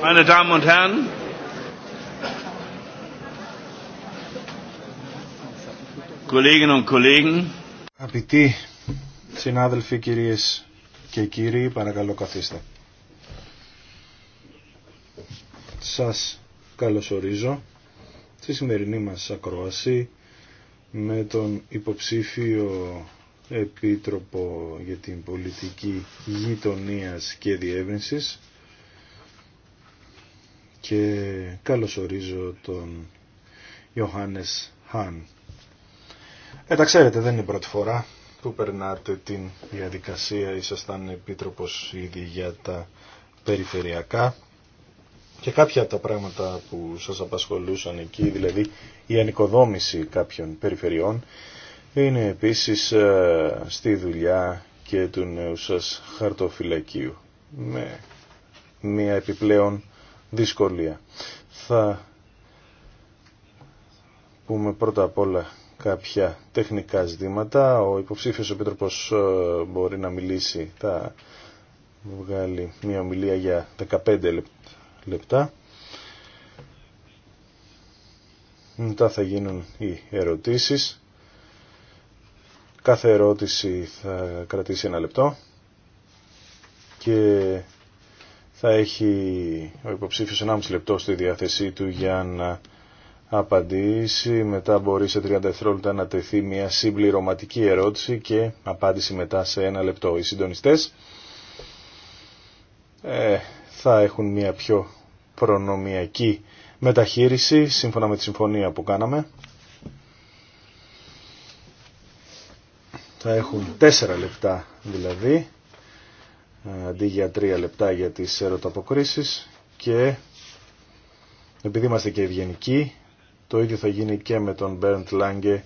Meine Damen und Herren, Kolleginnen und Kollegen, Αγαπητοί συνάδελφοι, κυρίες και κύριοι, παρακαλώ καθίστε. Σας καλωσορίζω στη σημερινή μας ακρόαση με τον υποψήφιο Επίτροπο για την Πολιτική Γειτονίας και Διεύρυνσης, και καλωσορίζω τον Ιωάννης Χάν. Ε, δεν είναι η πρώτη φορά που περνάτε την διαδικασία, ήσασταν επίτροπος ήδη για τα περιφερειακά και κάποια από τα πράγματα που σας απασχολούσαν εκεί, δηλαδή η ανοικοδόμηση κάποιων περιφερειών, είναι επίσης ε, στη δουλειά και του νέου σας χαρτοφυλακίου με μια επιπλέον δυσκολία. Θα πούμε πρώτα απ' όλα κάποια τεχνικά ζητήματα. Ο υποψήφιος επίτροπος ε, μπορεί να μιλήσει, θα βγάλει μια ομιλία για 15 λεπτά. Μετά θα γίνουν οι ερωτήσεις. Κάθε ερώτηση θα κρατήσει ένα λεπτό και θα έχει ο υποψήφιος 1,5 λεπτό στη διάθεσή του για να απαντήσει. Μετά μπορεί σε 30 δευτερόλεπτα να τεθεί μια συμπληρωματική ερώτηση και απάντηση μετά σε ένα λεπτό. Οι συντονιστές ε, θα έχουν μια πιο προνομιακή μεταχείριση σύμφωνα με τη συμφωνία που κάναμε. Θα έχουν 4 λεπτά δηλαδή αντί για τρία λεπτά για τις ερωταποκρίσεις και επειδή είμαστε και ευγενικοί το ίδιο θα γίνει και με τον Μπέρντ Λάγκε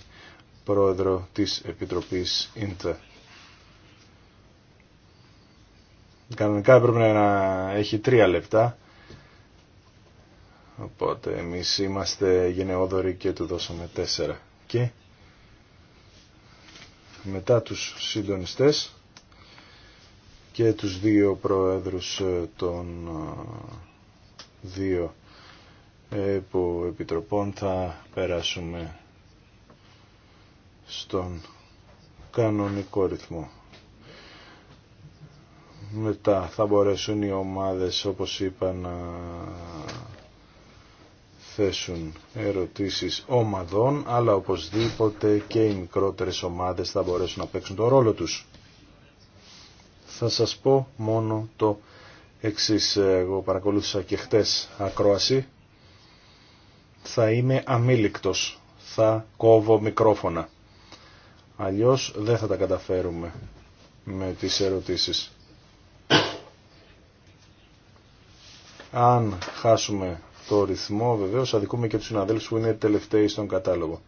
πρόεδρο της Επιτροπής ΙΝΤΕ. Κανονικά έπρεπε να έχει τρία λεπτά οπότε εμείς είμαστε γενναιόδοροι και του δώσαμε τέσσερα και μετά τους συντονιστές και τους δύο προέδρους ε, των ε, δύο ε, που επιτροπών θα περάσουμε στον κανονικό ρυθμό. Μετά θα μπορέσουν οι ομάδες όπως είπα να θέσουν ερωτήσεις ομαδών αλλά οπωσδήποτε και οι μικρότερες ομάδες θα μπορέσουν να παίξουν το ρόλο τους. Θα σας πω μόνο το εξής. Εγώ παρακολούθησα και χτες ακρόαση. Θα είμαι αμήλικτος. Θα κόβω μικρόφωνα. Αλλιώς δεν θα τα καταφέρουμε με τις ερωτήσεις. Αν χάσουμε το ρυθμό βεβαίως αδικούμε και τους συναδέλφους που είναι τελευταίοι στον κατάλογο.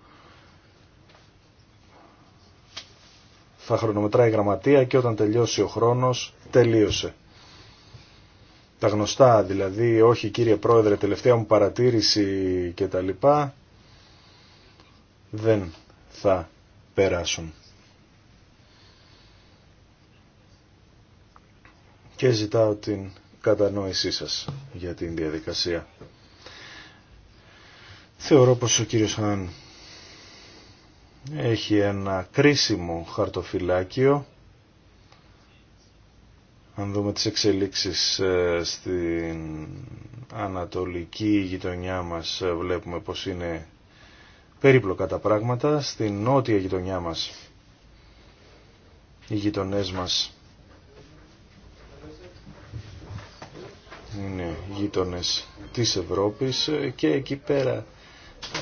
θα χρονομετράει η γραμματεία και όταν τελειώσει ο χρόνος τελείωσε. Τα γνωστά δηλαδή, όχι κύριε πρόεδρε, τελευταία μου παρατήρηση και τα λοιπά, δεν θα περάσουν. Και ζητάω την κατανόησή σας για την διαδικασία. Θεωρώ πως ο κύριος Χάν έχει ένα κρίσιμο χαρτοφυλάκιο. Αν δούμε τις εξελίξεις ε, στην ανατολική γειτονιά μας ε, βλέπουμε πως είναι περίπλοκα τα πράγματα. Στην νότια γειτονιά μας οι γειτονές μας είναι γείτονες της Ευρώπης ε, και εκεί πέρα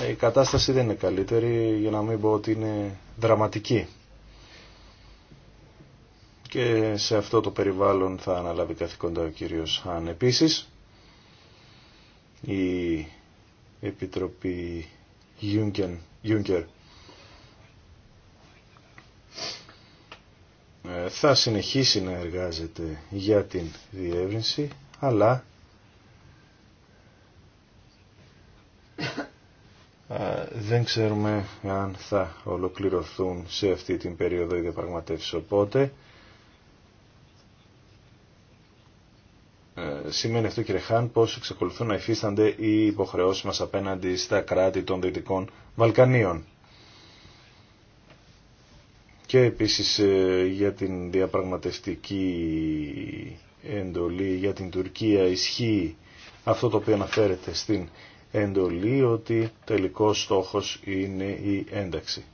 ε, η κατάσταση δεν είναι καλύτερη για να μην πω ότι είναι δραματική. Και σε αυτό το περιβάλλον θα αναλάβει καθηκόντα ο κύριος Χάν. η Επιτροπή Γιούγκερ θα συνεχίσει να εργάζεται για την διεύρυνση, αλλά δεν ξέρουμε αν θα ολοκληρωθούν σε αυτή την περίοδο οι διαπραγματεύσεις. Οπότε, ε, σημαίνει αυτό κύριε Χάν πως εξακολουθούν να υφίστανται οι υποχρεώσεις μας απέναντι στα κράτη των Δυτικών Βαλκανίων. Και επίσης ε, για την διαπραγματευτική εντολή για την Τουρκία ισχύει αυτό το οποίο αναφέρεται στην εντολή ότι τελικός στόχος είναι η ένταξη.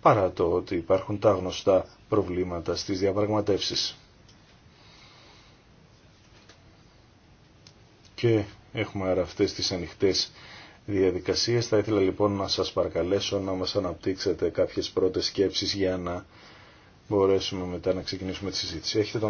Παρά το ότι υπάρχουν τα γνωστά προβλήματα στις διαπραγματεύσεις. Και έχουμε άρα αυτές τις ανοιχτές διαδικασίες. Θα ήθελα λοιπόν να σας παρακαλέσω να μας αναπτύξετε κάποιες πρώτες σκέψεις για να μπορέσουμε μετά να ξεκινήσουμε τη συζήτηση. Έχετε